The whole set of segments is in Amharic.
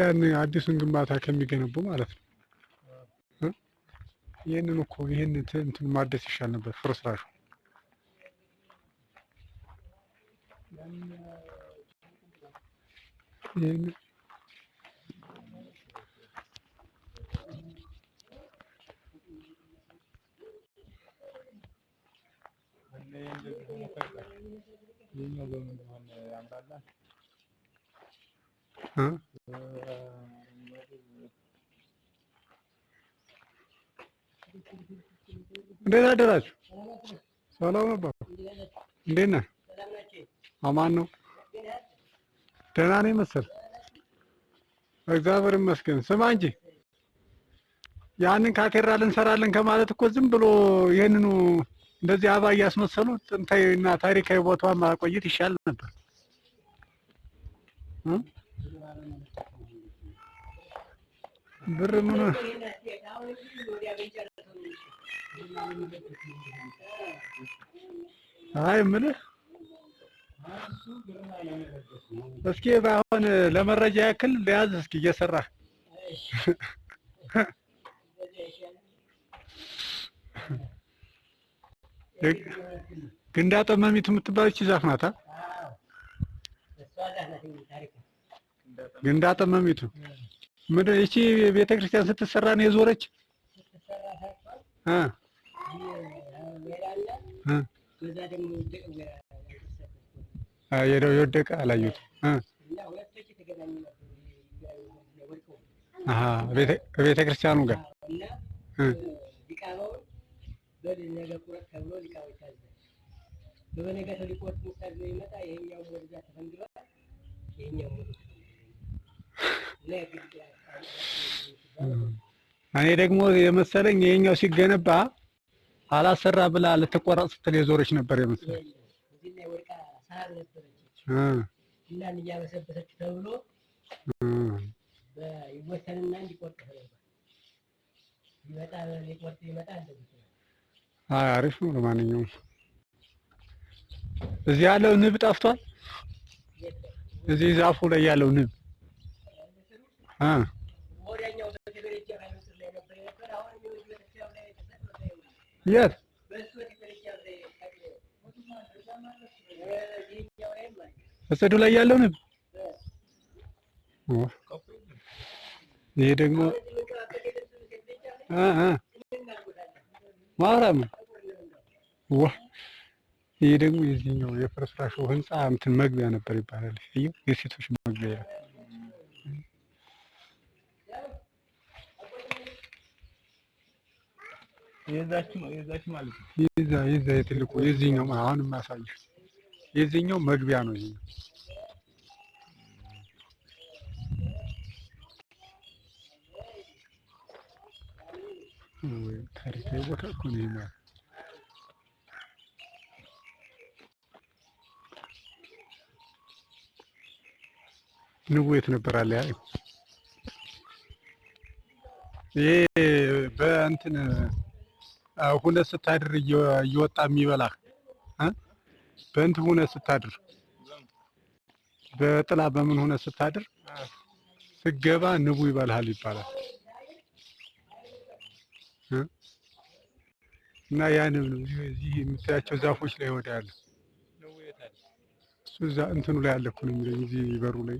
ያን አዲሱን ግንባታ ከሚገነቡ ማለት ነው። ይህንን እኮ ይህን እንትን ማደስ ይሻል ነበር ፍርስራሹ ይህን እንዴት አደራችሁ? ሰላም አባ፣ እንዴት ነህ? አማን ነው። ደህና ነኝ መሰል። እግዚአብሔር ይመስገን። ስማ እንጂ ያንን ካቴድራል እንሰራለን ከማለት እኮ ዝም ብሎ ይህንኑ እንደዚህ አበባ እያስመሰሉ ጥንታዊና ታሪካዊ ቦታ ማቆየት ይሻል ነበር። ብር ምን አይ የምልህ እስኪ አሁን ለመረጃ ያክል ለያዝ እስኪ እየሰራ ግንዳ ጠመሚት እቺ ዛፍ ናታ። ግንዳ ጠመሚቱ ምንድን እቺ ቤተ ክርስቲያን ስትሰራ ነው የዞረች። የደው የወደቀ አላየሁትም። ቤተ ክርስቲያኑ ጋር ወድ ነገ ቁረጥ ተብሎ ሊቃዎች ታዘዘ። በበነጋታው ሊቆርጥ ታዝዞ ይመጣ ይሄኛው ወደዛ ተፈንግሏል። ይሄኛው ወደ እኔ ደግሞ የመሰለኝ ይሄኛው ሲገነባ አላሰራ ብላ ልትቆረጥ ስትል የዞረች ነበር የመሰለኝ እና እያበሰበሰች ተብሎ ይወሰንና እንዲቆርጥ ይመጣ ሊቆርጥ ይመጣ እንደዚህ አሪፍ ነው። ለማንኛውም እዚህ ያለው ንብ ጠፍቷል። እዚህ ዛፉ ላይ ያለው ንብ አ የት እጽዱ ላይ ያለው ንብ ይሄ ደግሞ አ አ ማራም ዋ ይህ ደግሞ የዚህኛው የፍርስራሹ ህንፃ እንትን መግቢያ ነበር ይባላል። የሴቶች መግቢያ የዛ የዛ የትልቁ የዚህኛው አሁን ማሳየ የዚህኛው መግቢያ ነው። ይሄ ታሪካዊ ቦታ እኮ ነው። ንቡ የት ነበር አለ ያ ይሄ በእንትን ሁነት ስታድር እየወጣ የሚበላ በእንትን ሁነ ስታድር በጥላ በምን ሁነ ስታድር ስገባ ንቡ ይበልሃል ይባላል። እና ያ ንብ ነው እዚህ የምታያቸው ዛፎች ላይ ወዳለ እዛ እንትኑ ላይ አለ እኮ ነው የሚለኝ እዚህ በሩ ላይ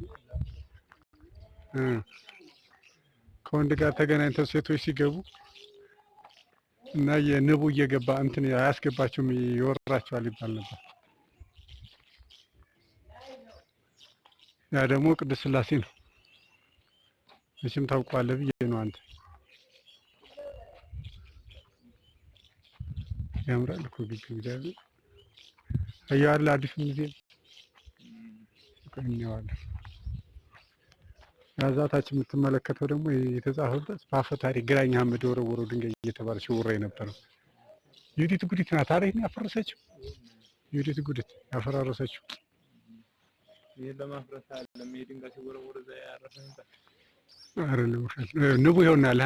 ከወንድ ጋር ተገናኝተው ሴቶች ሲገቡ እና የንቡ እየገባ እንትን አያስገባቸውም ይወራቸዋል ይባል ነበር። ያ ደግሞ ቅዱስ ስላሴ ነው። መቼም ታውቋለ ብዬ ነው። አንተ ያምራል እኮ ግቢ። እግዚአብሔር አየዋለሁ። አዲስ ሙዚየም እናየዋለን። ከዛ ታች የምትመለከተው ደግሞ የተጻፈበት በአፈ ታሪክ ግራኝ ሐመድ የወረወረው ድንጋይ እየተባለ ሲወራ የነበረው ዩዲት ጉዲት ናት። ታሪክ ያፈረሰችው ዩዲት ጉዲት ያፈራረሰችው። ንቡ ይሆናል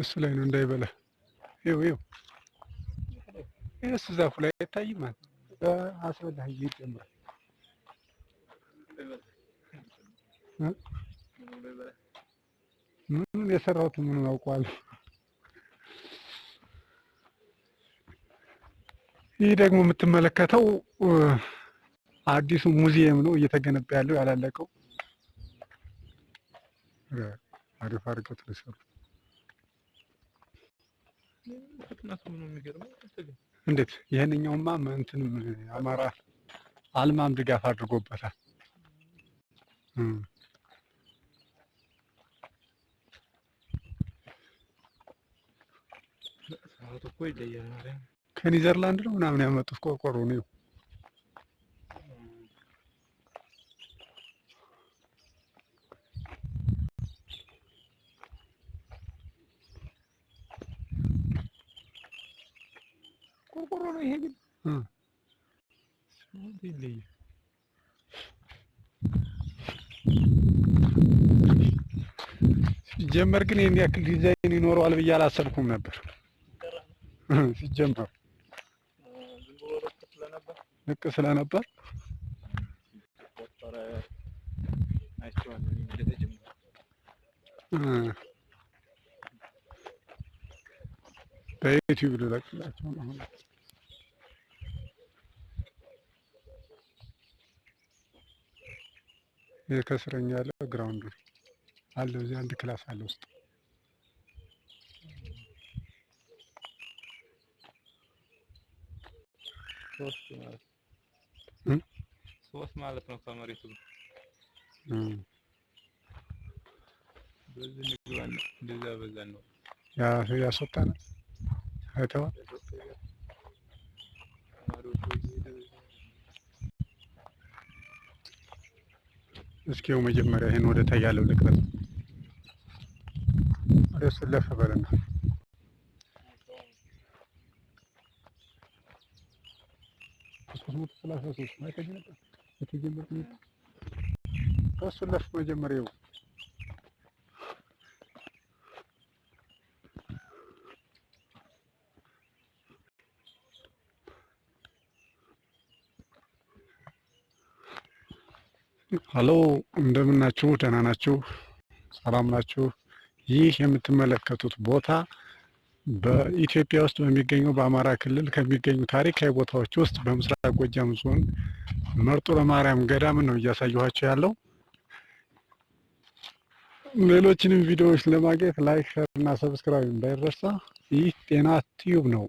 እሱ ላይ ነው እንዳይበላ ይኸው ይኸው እሱ ዛፉ ላይ አይታይም ማለት ነው። በአስበላህ ይጨምራል። ምኑን የሰራሁት ምኑን አውቀዋለሁ። ይህ ደግሞ የምትመለከተው አዲሱ ሙዚየም ነው እየተገነባ ያለው ያላለቀው። አሪፍ አድርገው እንዴት ይህንኛውማ እንትንም አማራ አልማም ድጋፍ አድርጎበታል። ከኒዘርላንድ ነው ምናምን ያመጡት ቆርቆሮ ነው። dele. ሲጀመር ግን ይህን ያክል ዲዛይን ይኖረዋል ብዬ አላሰብኩም ነበር። ሲጀመር ልቅ ስለነበር በዩቲዩብ ልለቅላቸው አሁን ከስረኛ ያለው ግራውንዱ አለው። እዚህ አንድ ክላስ አለ ውስጥ ሶስት ማለት ነው። ከመሬቱ በዚህ ንግባን እንደዛ በዛ ነው ያ ያስወጣ ነው አይተዋል። እስኪው መጀመሪያ ይሄን ወደ ታይ ያለው ልቅረጽ። ወደ ስለፈ በለና ሶስት መቶ ሰላሳ ሶስት ማይከጅ ነበር የተጀመረ ከሱ ለፍ መጀመሪያው ሀሎ እንደምናችሁ፣ ደህና ናችሁ? ሰላም ናችሁ? ይህ የምትመለከቱት ቦታ በኢትዮጵያ ውስጥ በሚገኘው በአማራ ክልል ከሚገኙ ታሪካዊ ቦታዎች ውስጥ በምስራቅ ጎጃም ዞን መርጦ ለማርያም ገዳምን ነው እያሳየኋቸው ያለው። ሌሎችንም ቪዲዮዎች ለማግኘት ላይክ፣ ሸር እና ሰብስክራይብ እንዳይረሳ። ይህ ጤና ቲዩብ ነው።